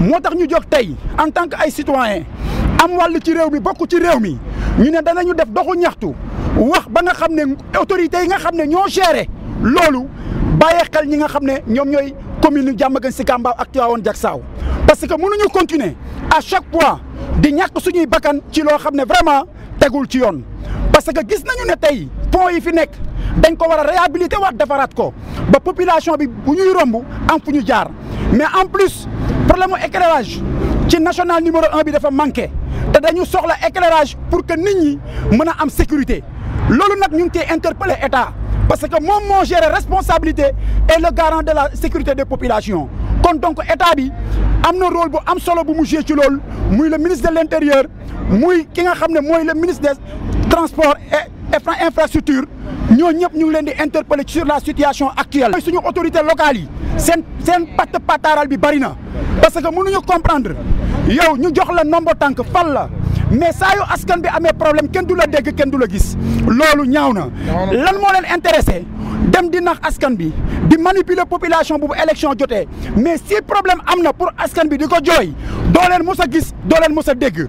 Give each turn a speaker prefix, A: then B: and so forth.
A: motax ñu jox tay en tant que ay citoyens am wàll ci réew mi bokku ci réew mi ñu ne danañu def doxu ñaxtu wax ba nga xamné autorité yi nga xamné ne ñoo géré lolu baye xel ñi nga xamné ñom ñoy commune nu Diamaguène Sicap ak Tivaouane jaksaw parce que mënuñu continuer à chaque fois di ñak suñuy bakan ci lo xamné vraiment tégul ci yoon parce que gis nañu ne tay pont yi fi nek dañ ko wara réhabiliter waat defaraat ko ba population bi bu ñuy rombu am fu ñu jaar mais en plus problème mu éclairage ci national numéro 1 bi dafa manqué té dañu soxla éclairage pour que nit ñi mëna am sécurité lolu nak ñu té interpeller interpellé état parce que mom mo géré responsabilité et le garant de la sécurité des populations quand donc état bi amna rôle bu am solo bu mu joué ci le ministre de l'Intérieur, muy ki nga le ministre des transports et infrastructure ñoo ñëpp ñu ngi leen di interpeller sur la situation actuelle mooy suñu autorités locales. yi seen seen patt pataaral bi parce que nous mënuñu comprendre yow ñu jox la nombre tànk fal la mais ça yo askan bi amee problème kenn du la dégg kenn qu'est-ce que loolu ñaaw na lan moo leen intéressé dem di nax askan bi di population pour l'élection. élection mais si problème est pour Askanbi, bi faut que jooy le leen mës a gis leen